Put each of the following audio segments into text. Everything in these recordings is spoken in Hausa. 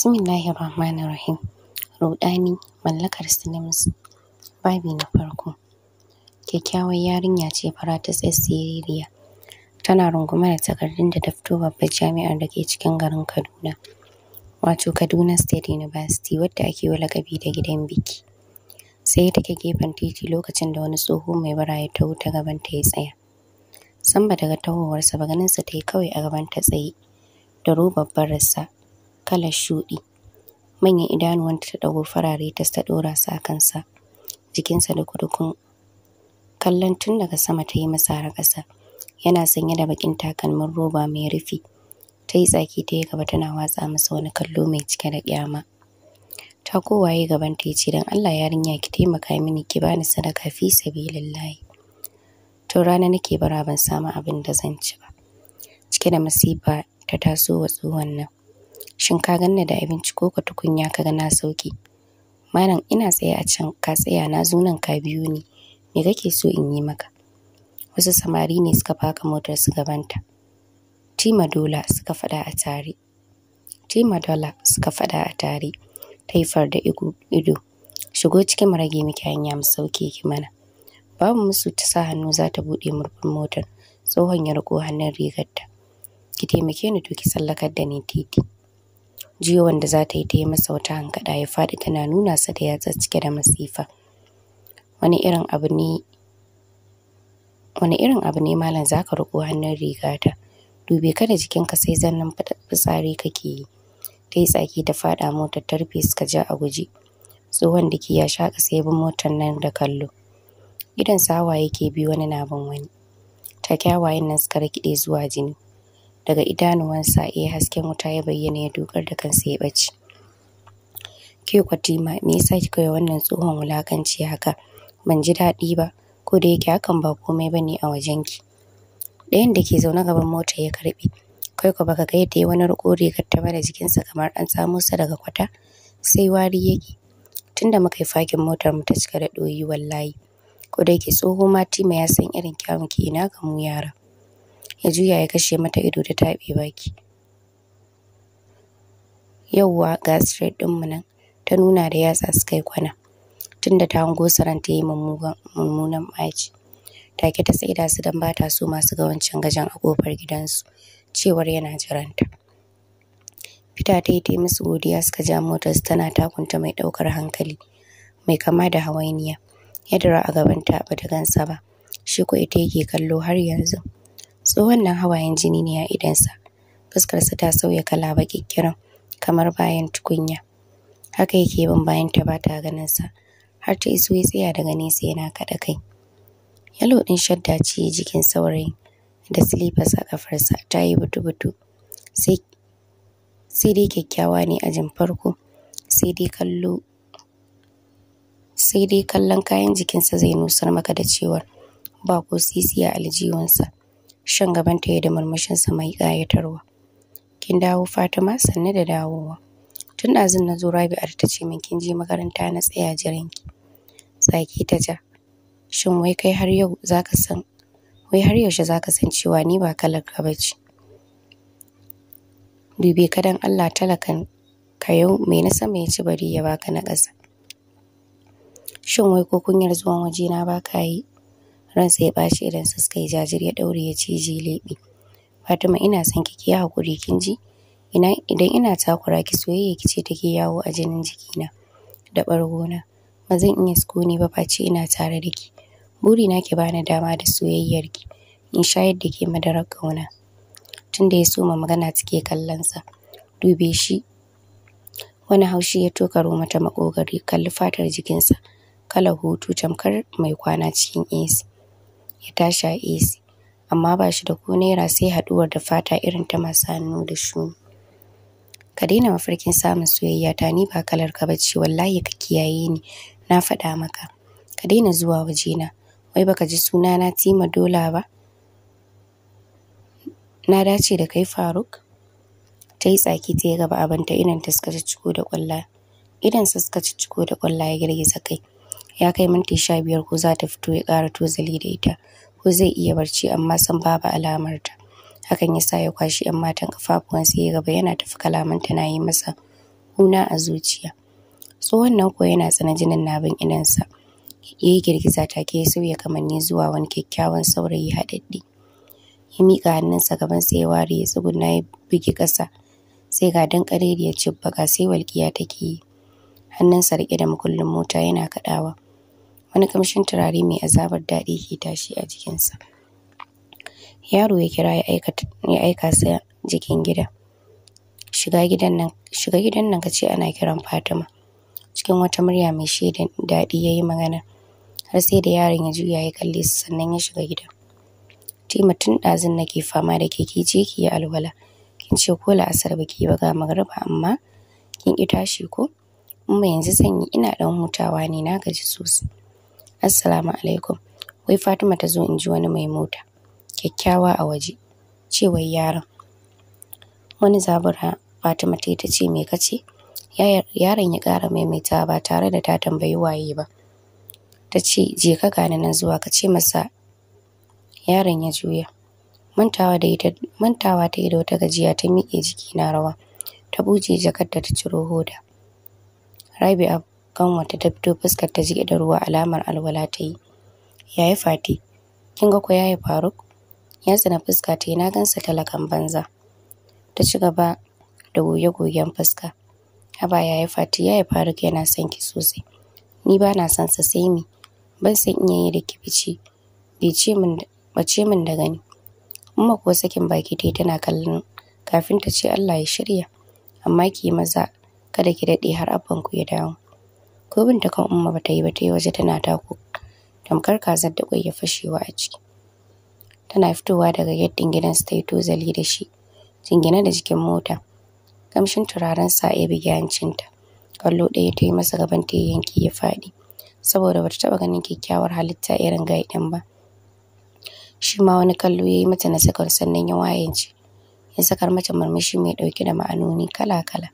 Bismillahir Rahmanir Rahim. Ruɗani mallakar Silimus. Babi na farko. Kyakkyawar yarinya ce fara ta Tana runguma da takardun da ta fito babbar jami'ar da ke cikin garin Kaduna. Wato Kaduna State University wadda ake wa lakabi da gidan biki. Sai take gefen titi lokacin da wani tsoho mai bara ya taho ta gabanta ya tsaya. Samba daga tahowarsa ba ganinsa ta yi kawai a gabanta tsaye da robar rassa. kalar shuɗi. Manyan idanuwanta ta ɗago farare ta ta ɗora su a kansa, jikinsa da kudukun Kallon tun daga sama ta yi masa har ƙasa. Yana sanye da bakin takalmin roba mai rufi. Ta yi tsaki ta yi gaba tana watsa masa wani kallo mai cike da ƙyama. Ta ya gaban gabanta ya ce, don Allah yarinya ki taimaka mini ki bani sadaka fi sabilillahi. Tun rana nake bara ban samu abin da zan ci ba. Cike da masifa ta taso wa tsohon nan. shin ka ganna da abinci ko ka tukunya ka ga na sauke malam ina tsaye a can ka tsaya na zo nan ka biyo ni me kake so in yi maka wasu samari ne suka faka motar su gabanta tima dola suka fada a tare tima dola suka fada a tare taifar da ido shigo cikin mu rage miki hanya mu sauke ki mana babu musu ta sa hannu za ta buɗe murfin motar tsohon ya riko hannun rigarta ki taimake ni to ki sallakar da ni titi Jiya, wanda za ta yi ta yi masa wata hankada ya faɗi tana nuna sa da yatsa cike da masifa wani irin abu ne wani irin abu ne malam za ka riƙo hannun rigata dube ka da jikinka sai zannan fitsari kake yi ta yi tsaki ta faɗa motar ta suka ja a guje tsohon da ke ya shaƙa sai bin motar nan da kallo idan sawa yake bi wani na bin wani ta kyawayen nan suka rikide zuwa jini daga idanuwansa iya hasken wuta ya bayyana ya dukar da kansa ya bace Ke Kwatima, me yasa kika yi wannan tsohon wulakanci haka? Ban ji daɗi ba, ko da yake hakan ba komai ba ne a ki. Ɗayan da ke zaune gaban mota ya karɓi. kai ko baka ga yadda ya wani riƙo rigar ta da jikinsa kamar an samo sa daga kwata, sai wari yake. Tunda muka yi fakin motar mu ta cika da ɗoyi wallahi. Ko da yake tsoho ma Tima ya san irin kyawun ki ina ga mu yara. ya juya ya kashe mata ido ta taɓe baki. Yauwa ga ɗin mu nan, ta nuna da yatsa suka yi kwana. Tunda ta hango saran ta yi mummunan maci. Take ta tsaida su don ba ta so masu gawancin wancan gajen a kofar gidansu, cewar yana jiranta. Fita ta yi ta yi musu godiya suka ja motar tana takunta mai ɗaukar hankali, mai kama da hawainiya. Ya dira a gaban ta ba ta gansa ba, shi ko ita yake kallo har yanzu. tsohon nan hawayen jini ne a idansa fuskarsa ta sauya kala ba kikkirin kamar bayan tukunya haka yake bin bayan ta ba ta ganinsa har ta iso ya tsaya daga nesa yana kaɗa kai yalo ɗin shadda ce jikin saurayin da slippers a ƙafarsa ta yi butu-butu sai sai dai kyakkyawa ne a jin farko sai dai kallo sai dai kallon kayan jikinsa zai nusar maka da cewa ba ko sisi a aljihunsa shan gaban ta da sa mai ƙayatarwa. Kin dawo Fatima sanne da dawowa. Tun ɗazun na zo Rabi'ar ta ce min kin je makaranta na tsaya ki. Saki ta ja. Shin wai kai har yau zaka san wai har yaushe za ka san cewa ni ba kalar ka bace. Dube ka Allah talakan ka yau me na sama ya ci bari ya baka na ƙasa. Shin wai ko kunyar zuwan waje na baka yi ransa ya bashi idan sa suka yi jajir ya daure ya ji leɓe fatima ina son kiki ya hakuri kin ji ina idan ina takura ki soyayya kice take yawo a jinin jikina da ɓargona ba zan iya ne ba face ina tare da ki na ki bani dama da ki in sha da ke madarar kauna tunda ya soma magana take kallon sa dube shi wani haushi ya tokaro mata makogari kalli fatar jikinsa Kala hutu tamkar mai kwana cikin AC ya tashi a AC amma ba shi da ko naira sai haduwar da fata irin ta masu hannu da shuni. Ka daina mafarkin samun soyayya ta ni ba kalar ka bace wallahi ka kiyaye ni na faɗa maka. Ka daina zuwa wajena wai baka ji suna na Tima Dola ba? Na dace da kai Faruk? Ta yi tsaki ta yi gaba abinta idan ta suka ciko da ƙwalla. Idan suka ciko da ƙwalla ya girgiza kai. ya kai minti sha biyar ko za ta fito ya ƙara tozali da ita ko zai iya barci amma san babu alamarta hakan ya sa ya kwashe, yan matan kafafuwan sai ya gaba yana tafi kalamanta na yi masa kuna a zuciya tsohon nan ko yana tsana jinin nabin idansa ya yi girgiza take ya sauya kamanni zuwa wani kyakkyawan saurayi haɗaɗɗi ya miƙa hannunsa gaban sai ya ware ya tsuguna ya bugi ƙasa sai ga dan ya cibba ga sai walƙiya take yi hannunsa riƙe da makullin mota yana kaɗawa wani kamshin turare mai azabar daɗi ke tashi a jikinsa. Yaro ya kira ya aika sa jikin gida. Shiga gidan nan, shiga gidan kace ana kiran Fatima. Cikin wata murya mai shaidan daɗi ya yi magana. Har sai da yaron ya juya ya kalle su sannan ya shiga gida Tima tun ɗazun nake fama da ke kije ki yi alwala. Kin ce ko la'asar ba ki yi ba ga magariba amma kin ki tashi ko? Umma yanzu sanyi ina ɗan hutawa ne na gaji sosai. Assalamu alaikum. Wai Fatima ta zo in ji wani mai mota. Kyakkyawa a waje. wai yaron. Wani zabura Fatima ta ta ce me kace? Yaron ya ƙara maimaita ba tare da ta tambayi waye ba. Ta ce je ka gane nan zuwa ka ce masa yaron ya juya. Mantawa da ita mantawa ta yi da wata gajiya ta miƙe jiki na rawa. Ta buje jakar da ta ciro hoda. Rabi'a Kanwata ta fito fuskar ta jike da ruwa alamar alwala ta yi. Yayi Fati, kin ga ko yayi Faruk? Ya tsina fuska ta yi na gansa talakan banza. Ta ci gaba da goge-gogen fuska. Haba yayi Fati, yayi Faruk yana son ki sosai. Ni ba na son sa sai me? Ban san iya yi da ki fice. ce min bace min da gani. Umma ko sakin baki ta tana kallon kafin ta ce Allah ya shirya. Amma ki maza kada ki daɗe har abban ya dawo. ko bin ta kan umma ba ta yi ba ta yi waje tana tako tamkar kazar da kwai ya fashewa a ciki tana fitowa daga gidan su ta yi tozali da shi jingine da jikin mota kamshin turaren sa ya bige hancinta kallo ɗaya ta yi masa gaban ta yanki ya faɗi saboda bata taɓa ganin kyakkyawar halitta irin gai ɗin ba shi ma wani kallo ya yi mata na sakar sannan ya wayance ya sakar mata murmushi mai ɗauke da ma'anoni kala-kala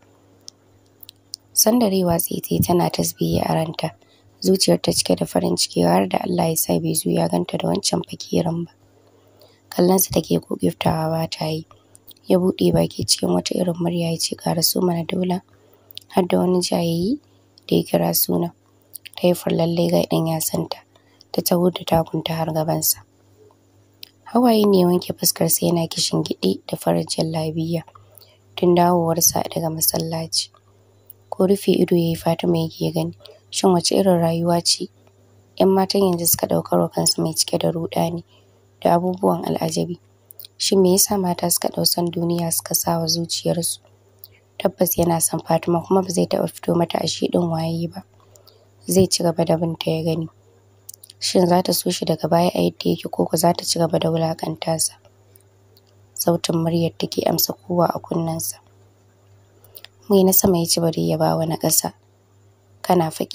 sandarewa tsaye tana tasbihi a ranta zuciyarta cike da farin ciki har da Allah ya sa bai ya ganta da wancan fakirin ba Kallon sa take gogiftawa ba ta yi ya buɗe baki cikin wata irin murya ya ce ƙara su mana dola. har da wani jayayi da ya kira suna ta yi furlalle ga ya santa, ta taho da takunta har gabansa hawaye ne wanke fuskarsa yana kishin gidi da farin jallabiya tun dawowarsa daga masallaci ko rufe ido yayi Fatima yake gani. Shin wace irin rayuwa ce ‘yan matan yanzu suka ɗaukar wa kansu mai cike da ruɗani da abubuwan al'ajabi? Shin me yasa mata suka ɗau san duniya suka sa wa zuciyarsu? Tabbas yana son Fatima kuma ba zai taɓa fito mata a shi ɗin waye ba. Zai ci gaba da ta ya gani. Shin za ta so shi daga baya a yadda yake ko za ta ci gaba da wulaƙanta sa? Sautin muryar take amsa kowa a kunnensa. mai na sama ya ci bari ya ba wa na ƙasa kana ka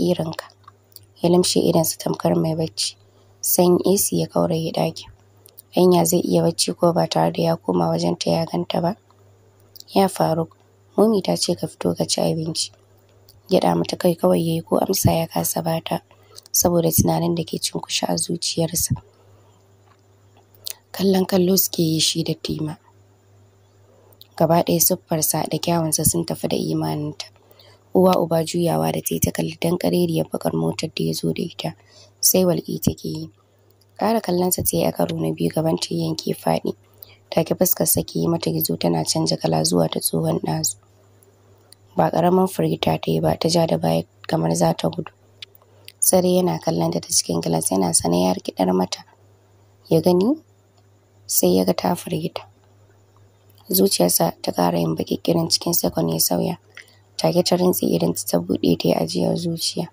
ya limshe su tamkar mai bacci sanyi AC ya ya ɗaki. Anya zai iya bacci ko ba tare da ya koma wajen ta ya ganta ba ya faru mummy ta ce ka fito ka ci abinci gyaɗa mata kai kawai yayi ko amsa ya kasa bata saboda tunanin da ke cinkushe a zuciyarsa kallon kallo suke yi shi da tima gaba ɗaya siffarsa da kyawunsa sun tafi da imaninta uwa uba juyawa da ta yi ta kalli dan kareriyar bakar motar da ya zo da ita sai walƙi take yi ƙara kallonsa ta yi a karo na biyu gaban ta yanke faɗi ta ki fuskar sake yi mata gizo tana canja kala zuwa ta tsohon ɗazu ba ƙaramin firgita ta yi ba ta ja da baya kamar za ta gudu Sare yana kallon ta cikin gilas yana sane ya mata ya gani sai ya ga ta firgita zuciyarsa ta ƙara yin baƙiƙirin cikin sakon ya sauya take ta rintsi idan ta buɗe ta yi ajiyar zuciya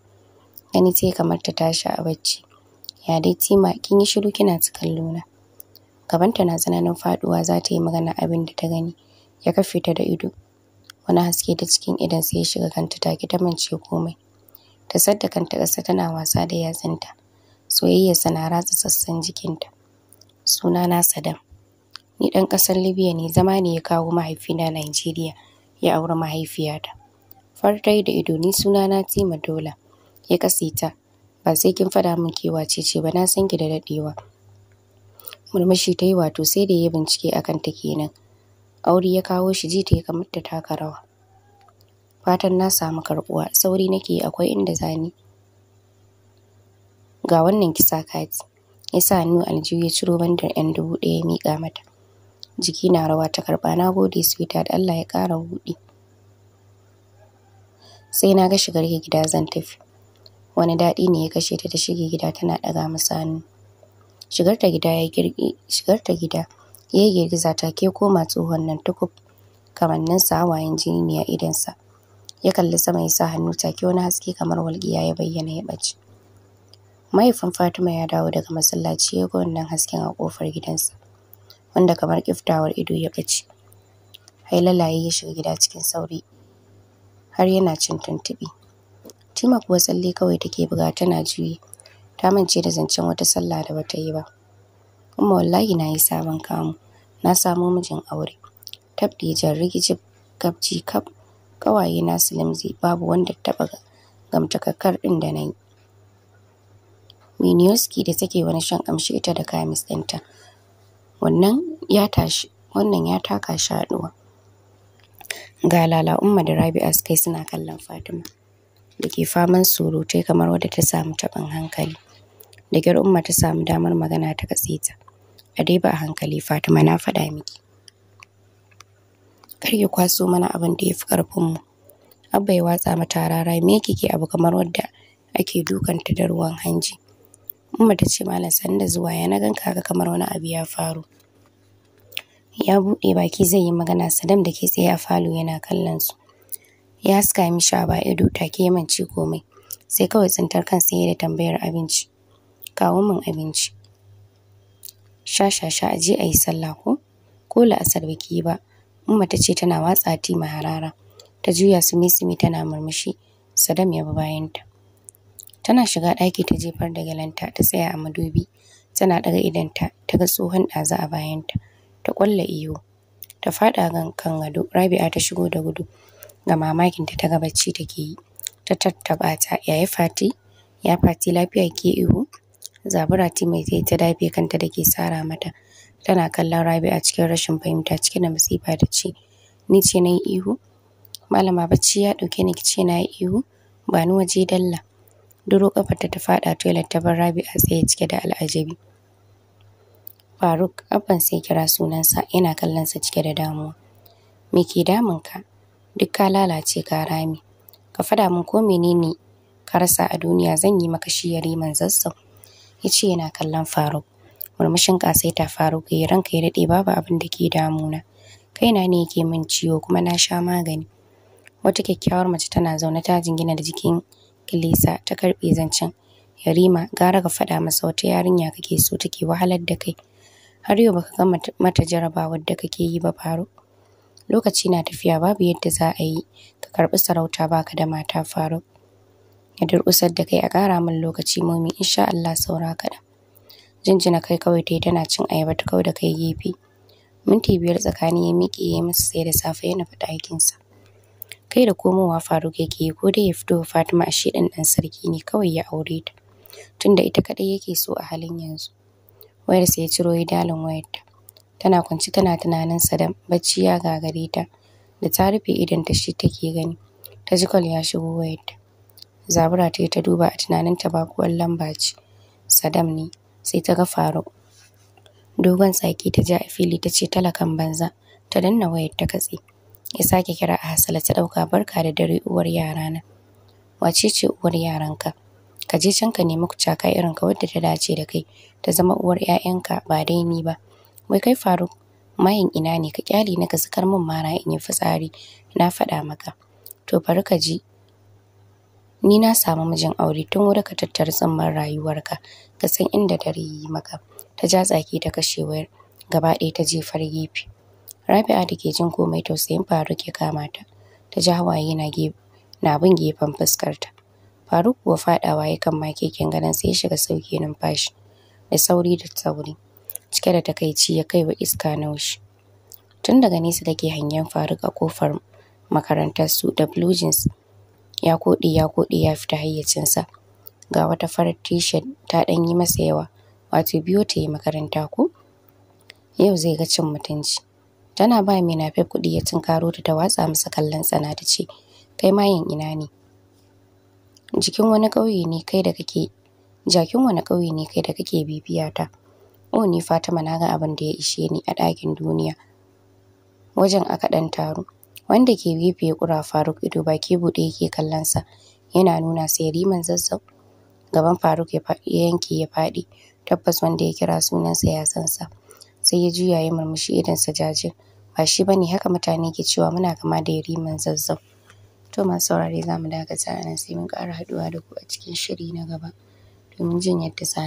gani sai kamar ta tashi a bacci ya dai tima kin yi shiru kina ta kallo gabanta na tsananin faduwa za ta yi magana abin da ta gani ya kafe ta da ido wani haske da cikin idan sai ya shiga kanta take ta mance komai ta sadda kanta ƙasa tana wasa da yatsunta soyayyarsa na ratsa sassan jikinta Suna na Sadam Ni ɗan ƙasar Libya ne, zama ne ya kawo mahaifina Najeriya, ya auri mahaifiyata. Fartai da ido ni na Tima Dola. Ya kasita, ba sai kin faɗa min ke wace ce ba na san ki da daɗewa. Murmushi ta yi wato sai da ya bincike akan ta kenan. Aure ya kawo shi ji ta ya kamar ta taka rawa. Fatan na samu karɓuwa, sauri nake akwai inda zani. Ga wannan kisa kati. Ya sa hannu aljihu ya ciro bandar 'yan dubu ɗaya ya miƙa mata. jiki na rawa ta karɓa na gode sweetheart Allah ya kara hudi. sai na ga shigar ki gida zan tafi wani daɗi ne ya kashe ta ta shige gida tana ɗaga masa hannu shigar ta gida ya girgi shigar ta gida ya girgiza ta ke koma tsohon nan tukub kamannin sa hawayen jini ne a idonsa ya kalli sama ya sa hannu ta, take wani haske kamar walƙiya ya bayyana ya ɓace mahaifin Fatima ya dawo daga masallaci ya ga wannan hasken a ƙofar gidansa wanda kamar ƙiftawar ido ya ɓace hailalaye ya shiga gida cikin sauri har yana cin tuntuɓe tima kuwa tsalle kawai take buga tana juyi ta mance da zancen wata sallah da bata yi ba kuma wallahi na yi sabon kamu na samo mijin aure tab da jan rigijib gabji kaf kawaye na silimzi babu wanda taɓa gamtakakkar ɗin da nayi yi Minioski da take wani shan ƙamshi ita da kamis ɗinta wannan ya tashi wannan ya taka shi haɗuwa ga lala umma da rabi'a sukai suna kallon fatima da ke faman surutai kamar wadda ta samu taɓin hankali da gyar umma ta samu damar magana ta katse ta a dai ba hankali fatima na faɗa miki kar ki kwaso mana abin da ya fi ƙarfinmu abba ya watsa mata rara me kike abu kamar wadda ake dukanta da ruwan hanji Umma ta ce malam da zuwa ya na gan haka kamar wani abu ya faru. Ya bude baki zai yi magana Sadam da ke tsaye a falo yana kallon su. Ya haska mishi a ba ido take yamanci komai. Sai kawai tsintar kan ya da tambayar abinci. Kawo min abinci. Sha sha sha aje a yi sallah ko? Ko la'asar ki yi ba. Umma ta ce tana watsa tima harara. Ta juya su sumi tana murmushi. Sadam ya bi bayanta. Tana shiga ɗaki ta jefar da galanta, ta tsaya a madubi. Tana ɗaga idanta ta ga tsohon ɗazu a bayanta. Ta ƙwalla ihu. Ta faɗa kan gado. Rabi'a ta shigo da gudu. Ga mamakinta ta ga bacci take yi. Ta tattaɓa ta. Yaya Fati? Ya Fati lafiya ke ihu? Zabura mai mai ta dafe kanta da ke sara mata. Tana kallon Rabi'a cikin rashin fahimta cikin da masifa ta ce, Ni ce na yi ihu? Malama bacci ya ɗauke ni ki ce na yi ihu? Ba ni waje dalla. duro kafarta ta faɗa toilet ta bar a tsaye cike da al'ajabi. Faruk abban sai kira sunansa yana sa cike da damuwa. Me ke damun ka? Duk ka lalace ka rami. Ka fada min ko menene ka rasa a duniya zan yi maka shi yare zazzau. Ya ce yana kallon Faruk. Murmushin kasaita Faruk ya eh, ranka ya dade babu abin da ke damuna. Kaina ne yake min ciwo kuma na sha magani. Wata kyakkyawar mace tana zaune ta jingina da jikin Kilisa ta karɓi zancen. Yarima gara ka faɗa masa wata yarinya kake so take wahalar da kai. Har yau baka gama mata jarabawar da kake yi ba faru. Lokaci na tafiya babu yadda za a yi ka karɓi sarauta baka da mata Faruk. Ya durƙusar da kai a ƙara min lokaci momi insha Allah saura kaɗan. Jinjina kai kawai dai tana cin ayaba ta kawai da kai gefe. Minti biyar tsakani ya miƙe ya yi masa sai da safe yana faɗa aikinsa. Kai da komowa Faruk yake yi ko dai ya fito Fatima a shi ɗan sarki ne kawai ya aure ta. Tunda ita kaɗai yake so a halin yanzu. wayar Wayarsa ya ciro ya dalin wayarta. Tana kwance tana tunanin Sadam bacci ya gagare ta. Da ta rufe idan ta shi take gani. Ta ji kwal ya shigo wayarta. Zabura ta yi ta duba a tunanin ta ba kuwan lamba ce. Sadam ne sai ta ga Faruk. Dogon tsaki ta ja a fili ta ce talakan banza. Ta danna wayar ta katse. ya sake kira a hasala ta ɗauka barka da dare uwar yara na. Wace ce uwar yaran Ka je can ka nemi kucaka irin ka wadda ta dace da kai ta zama uwar 'ya'yanka ba dai ni ba. Wai kai Faruk mayin ina ne ka kyale na ka sakar min mara in yi fitsari na faɗa maka. To bari ka ji ni na samu mijin aure tun wuri ka tattara tsamman rayuwarka ka san inda dare yi maka ta ja tsaki ta kashe wayar gaba ɗaya ta jefar gefe. Rabi'a da ke jin komai tausayin Faruk ya kama ta. Ta ji hawaye na bin gefen fuskarta. Faruk kuwa faɗawa ya kan keken ganin sai ya shiga sauki numfashi da sauri da sauri. Cike da takaici ya kai wa iska na wushi. Tun daga nesa take hanyar Faruk a kofar makarantar su da blue jeans ya koɗe ya koɗe ya fita hayyacinsa. Ga wata farar t ta ɗan yi masa yawa wato biyo ta yi makaranta ko? Yau zai ga cin mutunci. Tana ba mai nafe kuɗi ya tunkaro ta ta watsa masa kallon tsana ta ce, Kai mayin ina ne? Jikin wani ƙauye ne kai da kake jakin wani ƙauye ne kai da kake bibiya ta. O oh, ni Fatima na ga abin da ya ishe ni a ɗakin duniya. Wajen aka ɗan taru. Wanda ke gefe ya ƙura Faruk ido baki buɗe yake kallon sa. Yana nuna sai riman zazzau. Gaban Faruk ya yanke ya faɗi. Tabbas wanda ya kira sunansa ya san sa. Sai ya juya ya murmushi sa jajir. ba shi bane haka mutane ke cewa muna kama da yariman zazzau to masu saurare za mu dakata a sai mun ƙara haduwa da ku a cikin shiri na gaba domin jin yadda za